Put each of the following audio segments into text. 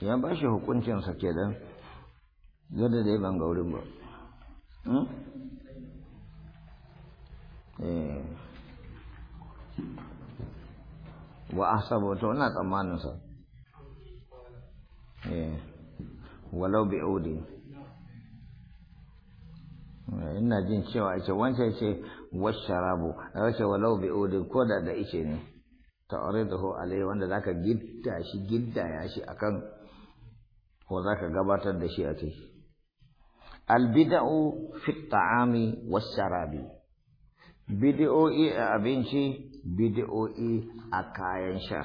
ya ba shi hukuncinsa ke dan yadda dai ban gaurin ba hmm? eh. wa ahsabu to ina tsammanin sa eh walau bi audi eh, ina jin cewa ce wancan ce washarabu ce walau bi audi ko da da ice ne ta'aridahu alai wanda zaka gidda shi gidda ya shi akan ko zaka gabatar da shi a al bid'u fi ta'ami sharabi bid'o'i a abinci bid'o'i a kayan sha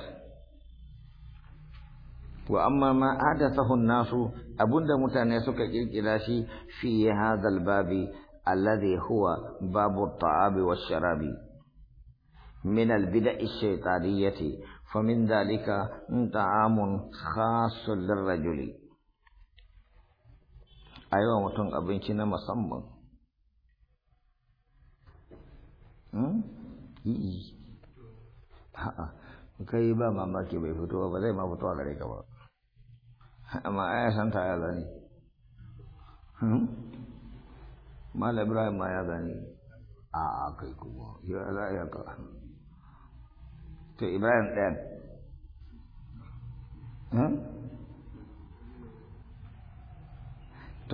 wa amma ma adathahu nasu abunda mutane suka kirkira shi fi hadhal babi alladhi huwa babu ta'abi was sharabi من البدع الشيطانية فمن ذلك طعام خاص للرجل a yi wa mutum abinci na musamman a'a kai ba mamaki bai fito ba zai ma fito a gare ka ba amma aya santa ya gani mala ibrahim ma ya gani a kai kuma ya za a yanka to ibrahim ɗayan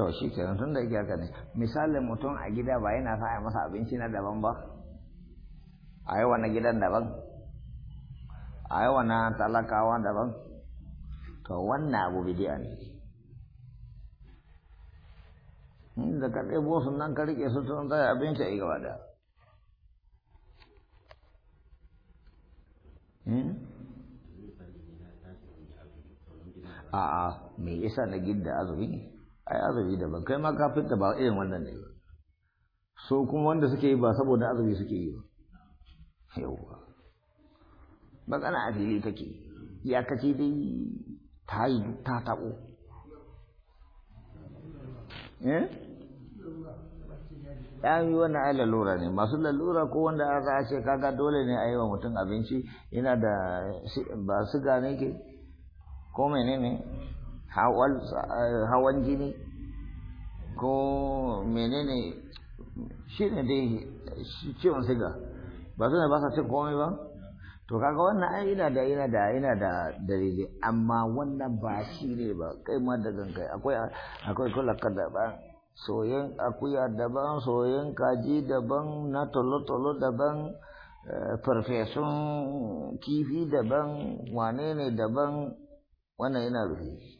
to shi nan tun da yake ne misalin mutum a gida ba yana sa a masa abinci na daban ba a yi wani gidan daban a yi wani talakawa daban to wannan abu bidiya ne da ka ɗebo su nan ka riƙe su tun zai abinci a yi gaba da hmm? a'a me yasa na gidda azumi ai azumi daban kai ma kafin da ba irin wannan ne so kuma wanda suke yi ba saboda azumi suke yi ba yauwa magana a fili take ya kace dai ta yi ta taɓo eh ya yi wannan ai lalura ne masu lalura ko wanda za a ce kaga dole ne a yi wa mutum abinci yana da ba su gane ke ko menene ne Eh, hawan jini ko menene shi ne dai ciwon siga ba su ne ba sa cin komai ba to kaga wannan ai ina da ina da ina da dalili amma wannan ba shi ne ba kai ma da gankai akwai akwai daban soyen akuya daban soyen kaji daban na tolo-tolo daban eh, farfesun kifi daban wane ne daban wannan yana rufe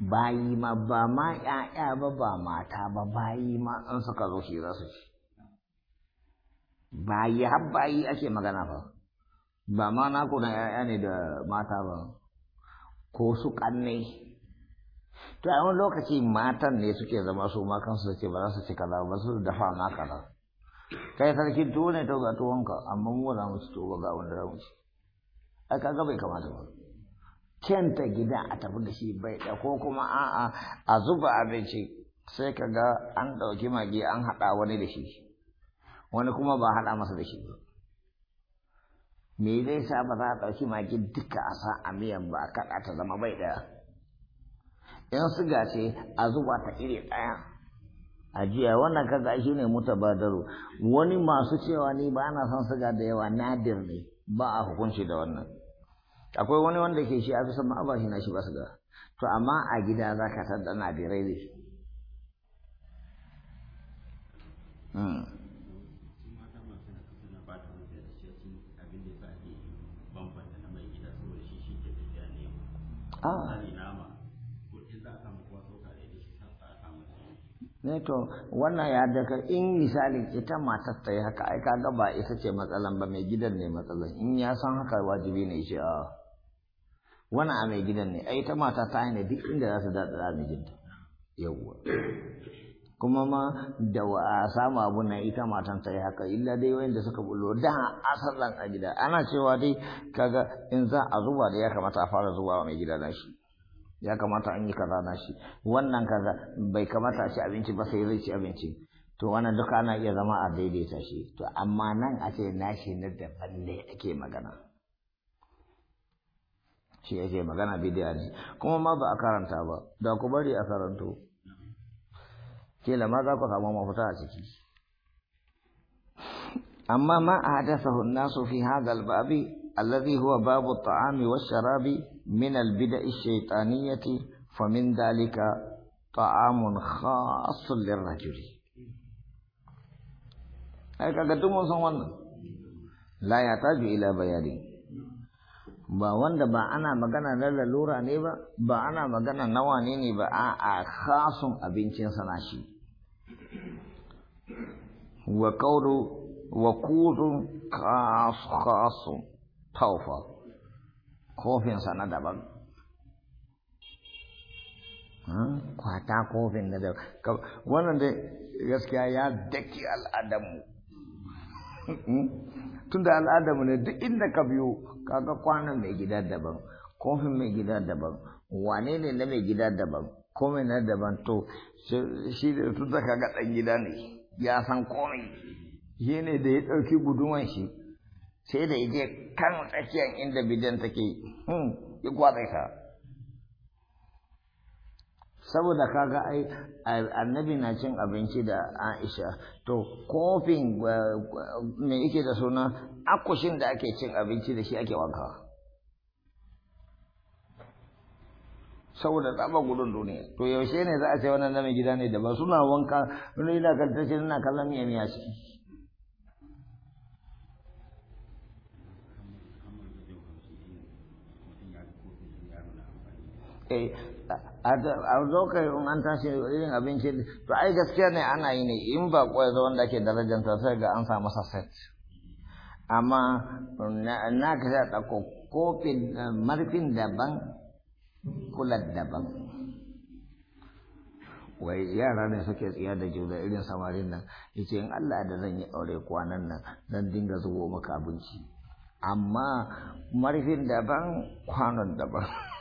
bayi ma ba ma ‘ya'ya ba ba mata ba bayi ma in suka zo shi za su ci. Bayi har bayi ake magana fa, ba ma na kuna ‘ya'ya ne da mata ba, ko su kanne To a wani lokaci matan ne suke zama su ma kansu ce ba za su ci kaza ba su dafa ma kaza. Kai sarkin tuwo ne to ga tuwonka amma mu za mu ci tuwo ga wanda za mu ci. Ai kaga bai kamata ba. kyanta gida a tafi da shi bai da ko kuma a'a a zuba abinci sai ka ga an ɗauki magi an haɗa wani da shi wani kuma ba haɗa masa da shi me zai sa ba za a ɗauki magi duka a sa a miyan ba a kaɗa ta zama bai ɗaya in siga ce a zuba ta iri ɗaya a jiya wannan kaga shi ne mutabadaru wani masu cewa ni ba na son siga da yawa nadir ne ba a hukunci da wannan akwai wani wanda ke shi a fi sama ba shi na shi ba su ga to amma a gida za ka san dana birai da hmm. ah. shi ne to wannan ya daga in misali ita matar ta yi haka ai kaga ba ita ce matsalan ba mai gidan ne matsalan in ya san haka wajibi ne shi a ah. wani a mai gidan ne ai ta mata ta ne duk inda za su daɗa da gidan yawwa kuma ma da a samu abu na ita matan ta yi haka illa dai wayanda suka bullo da asalan a gida ana cewa dai kaga in za a zuba da ya kamata a fara zuba mai gida na shi ya kamata an yi kaza na shi wannan kaza bai kamata a ci abinci ba sai zai ci abinci to wannan duka ana iya zama a daidaita shi to amma nan a ce na shi na daban ne ake magana shi yake magana bidiya ne kuma ma ba a karanta ba da ku bari a karanto ke la ma za ku samu mafita a ciki amma ma a hadasa su fi hada albabi alladhi huwa babu ta'ami wa sharabi min al shaytaniyati fa min dalika ta'amun khas lirrajuli ai kaga duk mun san wannan la ya taju ila bayani ba wanda ba ana magana na lalura ne ba ba ana magana na wane ne ba a khasun abincin sana shi wa kauru wa kudu khasu taufa kofin sana daban hmm? kwata kofin na daban wannan dai, gaskiya ya daki al'adamu hmm? tunda al'adamu ne duk inda ka biyo kaga kwanan mai gida daban kofin mai gida daban wane ne na mai gida daban komai na daban to shi da su zaka ga ɗan gida ne ya san komai shi ne da ya ɗauki guduman shi sai da ya je kan tsakiyar inda bidan take hmm, ya kwatsai saboda kaga ai annabi na cin abinci da Aisha to kofin eh, me yake da suna akushin da ake cin abinci da shi ake wanka saboda tsaba gudun duniya to yaushe ne za a ce wannan namin gida ne da ba suna wanka wani yana kantace ina kallon miya miya ciki eh a zo kai an tashi irin abinci to ai gaskiya ne ana yi ne in ba kwa zo wanda ke ta sai ga an samu set amma na ka sai ɗauko kofin eh, marfin daban kulat daban wai yara ne suke tsiya da juna irin samarin nan yace in Allah da zan yi aure kwanan nan zan dinga zubo maka abinci amma marfin daban kwanon daban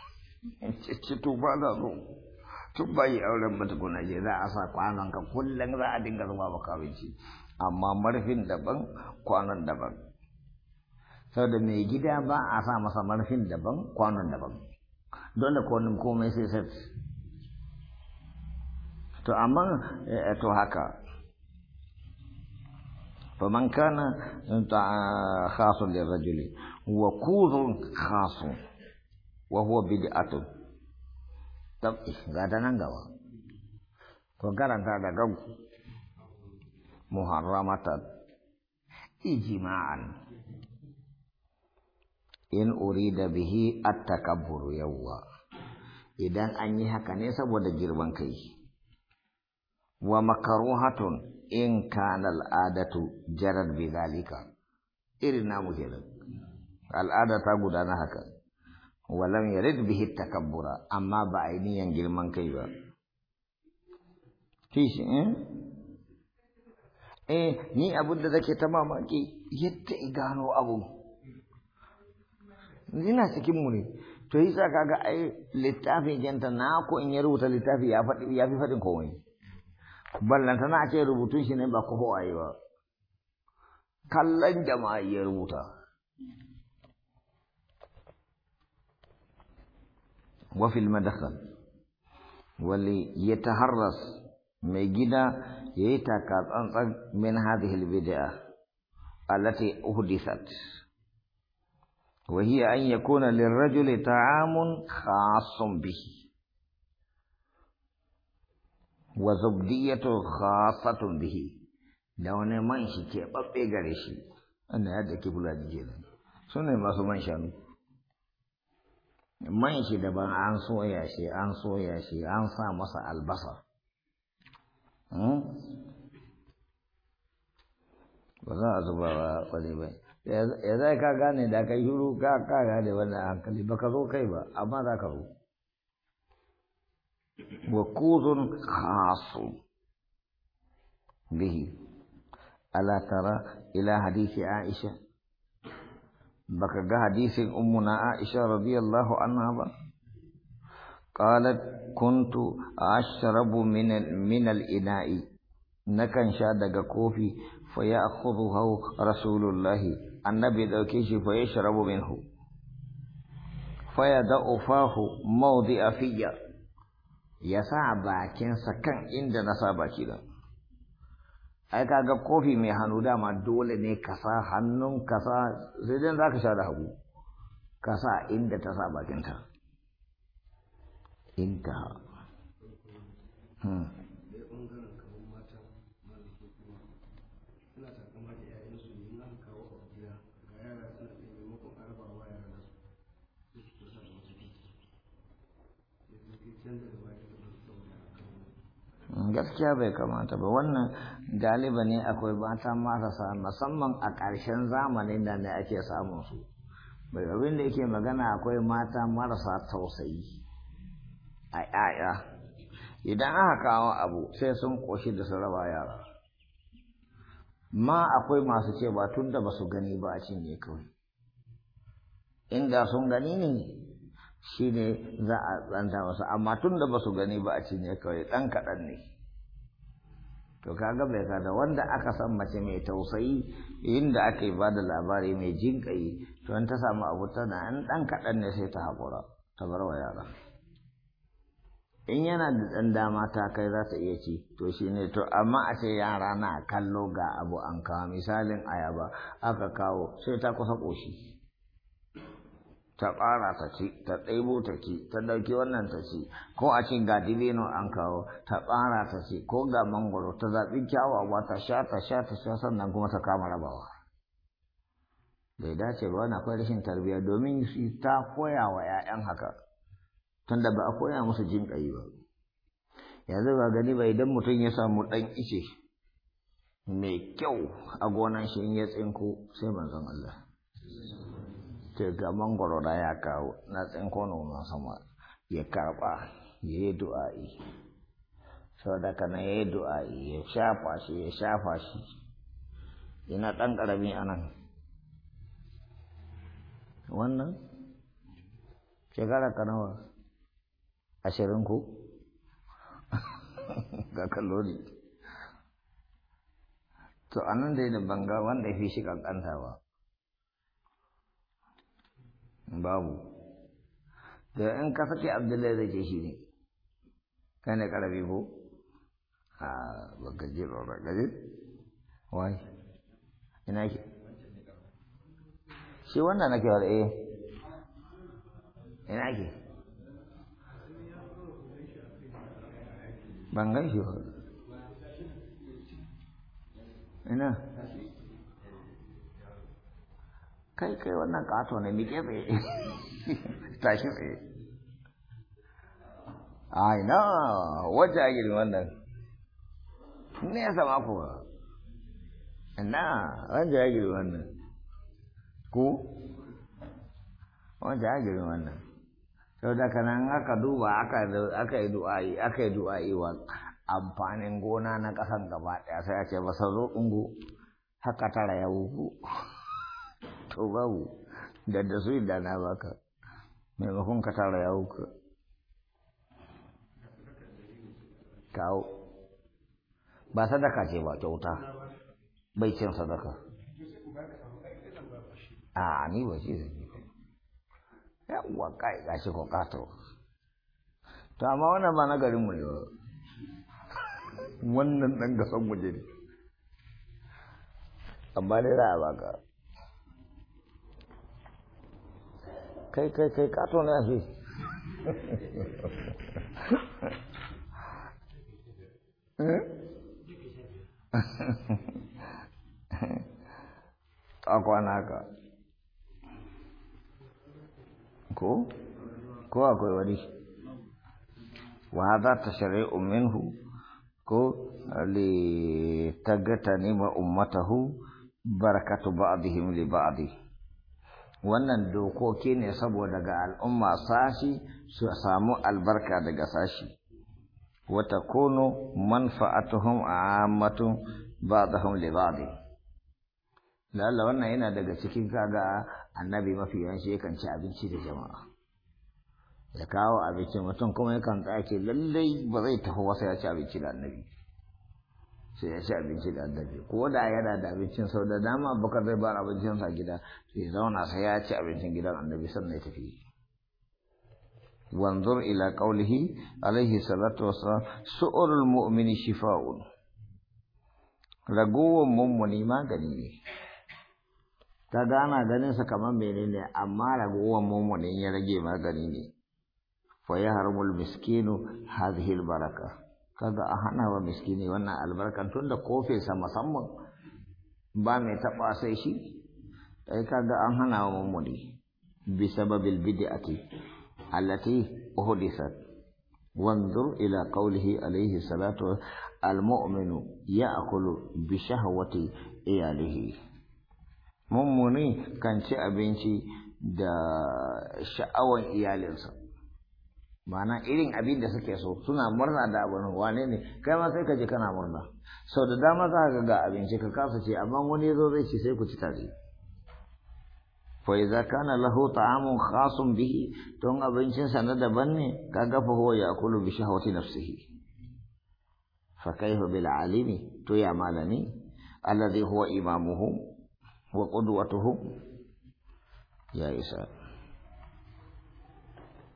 ce to ba na zo tun bayi auren ba tukuna ce za a sa kwanon ka kullum za a dinga zama maka abinci amma marfin daban kwanon daban da mai gida ba a sa masa marfin daban kwanon daban don da kwanon komai sai set to amma eh, to haka فمن da rajuli wa kuzun خاص wa huwa bid'atun tab ga ta nan gaba to karanta da ganku muharramatan ijma'an in urida bihi at-takabbur yawwa idan an yi haka ne saboda girman kai wa makaruhatun in kana al'adatu jarar bi zalika irin namu kenan al'ada ta gudana haka walam yarid bihi takabbura amma ba ainihin girman kai ba kishi eh eh ni abin da zake ta mamaki yadda i gano abu ina cikin mu ne to yi sa kaga ai littafi janta na ko in ya rubuta littafi ya fadi ya fi faɗin komai ballantana a ce rubutun shi ne ba ko hawaye ba kallon jama'a ya rubuta وفي المدخل واللي يتهرس ميجينا يتكاد أنصر من هذه البدعة التي أهدثت وهي أن يكون للرجل طعام خاص به وزبدية خاصة به لون منشي كيف أبقى غريشي أنا هذا كيف لا تجينا سنة ما سمعنا man shi daban an soya shi an soya shi an sa masa albasa hmm? ba za a zuba ba kwale ba ya zai ka gane da ka shuru ka ka gane wannan hankali ba ka zo kai ba amma za ka zo wa kuzun khasu bihi ala tara ila hadisi aisha بك حديث امنا عائشه رضي الله عنها قالت كنت اشرب من من الاناء نكن شادغ كوفي فياخذه رسول الله النبي دوكيش فيشرب منه فيضع فاه موضع فيا يسع باكن سكن عندنا نصابك ده ai ga kofi mai hannu dama dole ne ka sa hannun ka sai dai za ka sha da hagu ka inda ta sa bakinta inda ha hmm. gaskiya bai kamata ba wannan galiba ne akwai mata marasa musamman a ƙarshen zamanin da ne ake samun su mai abin da yake magana akwai mata marasa tausayi a ƴaƴa idan aka kawo abu sai sun ƙoshi da su raba yara ma akwai masu ce ba tun da ba su gani ba a cinye kawai inda sun gani ne shi ne za a tsanta wasu amma tun da ba su gani ba a cinye kawai ɗan kaɗan ne to ga bai da wanda aka san mace mai tausayi inda aka ba da labari mai jinƙayi to in ta samu abu tana an ɗan kaɗan ne sai ta haƙura ta bar wa yara in yana da ɗan dama ta kai za ta iya ci to shi ne to amma a ce yara na kallo ga abu an kawo misalin ayaba aka kawo sai ta kusa ƙoshi ta ɓara ta ci ta ɗaibo ta ci ta ɗauki wannan ta ci ko a ce ga dibino an kawo ta ɓara ta ci ko ga mangoro ta zaɓi kyawawa ta sha ta sha ta sha sannan kuma ta kama rabawa bai dace ba wani akwai rashin tarbiyya domin ta koya wa 'ya'yan haka tunda ba a koya musu jin ƙayi ba yanzu ba gani ba idan mutum ya samu ɗan ice mai kyau a gonan shi in ya tsinko sai manzon Allah ce ga mangoro na ya kawo na tsinko na sama ya karɓa ya yi du'a'i sau da kana ya yi du'a'i ya shafa shi ya shafa shi yana ɗan ƙarami a nan wannan shekara kanawa ashirin ku ga kalori to anan dai da banga wanda fi shi ƙanƙanta ba babu da in ka sake abdullahi zai ce shi ne kai ne karabi ko a bagaji rora gaji wai ina shi shi wannan nake wa eh ina ke ban gaishe shi ina kai kai wannan kato ne mike tsaye tashi tsaye ai na wace a irin wannan nesa ma kuwa na wace a girin wannan ko wace a girin wannan sau da kanan aka duba aka yi du'a'i aka yi du'a'i wa amfanin gona na ƙasan gaba daya sai a ce ba sa zo ungo haka tara ya wuku to babu da da su da na baka maimakon ka tara yawo ka kawo ba sadaka ce ba kyauta bai cin sadaka a ni ba shi zai yawwa kai ga ko kokato to amma wannan ba na garin mu ne wannan dan gasan waje ne amma dai za a baka kai kai kai kato ne a shi hmm? ta ka ko ko akwai wani wa za ta shari'u minhu ko li tagatani ma ummatahu barakatu ba'dihim li ba'dih wannan dokoki ne saboda ga al'umma sashi su samu albarka daga sashi wata kono manfa'atuhum ammatu ba'dahum li ba'di lalla wannan yana daga cikin kaga annabi mafi yawanci yakan ci abinci da jama'a ya kawo abinci mutum kuma yakan kace lallai ba zai tafi wasa ya ci abinci da annabi sai ya ci abinci da annabi ko da yana da abincin sau da dama abubakar zai bar abincin sa gida sai zauna sai ya ci abincin gidan annabi sannan ya tafi wanzur ila qawlihi alaihi salatu wassalam su'urul mu'mini shifa'un ragowar mummuni magani ne ta gana ganin sa kamar menene amma ragowar mummuni ya rage magani ne fa ya harmul miskinu hadhihi baraka kaga a hana wa miskini wannan albarkan tun da kofinsa musamman ba mai taɓa sai shi ai kaga an hana wa mummuni bi sababil bidi a ti allati uhudisat wanzur ila qawlihi alayhi salatu almu'minu ya'kulu bi shahwati iyalihi mummuni kan ci abinci da sha'awan iyalinsa ma'ana irin abin da suke so suna murna da abin wane ne kai ma sai ka je kana murna sau da dama za ka ga abinci ka kasa ce amma wani ya zo zai ci sai ku ci tare fa idza kana lahu ta'amun khasun bihi don abincin sa na daban ne ga fa huwa ya'kulu bi shahwati nafsihi fa kayfa bil alimi to ya malami alladhi huwa imamuhum wa qudwatuhum ya isa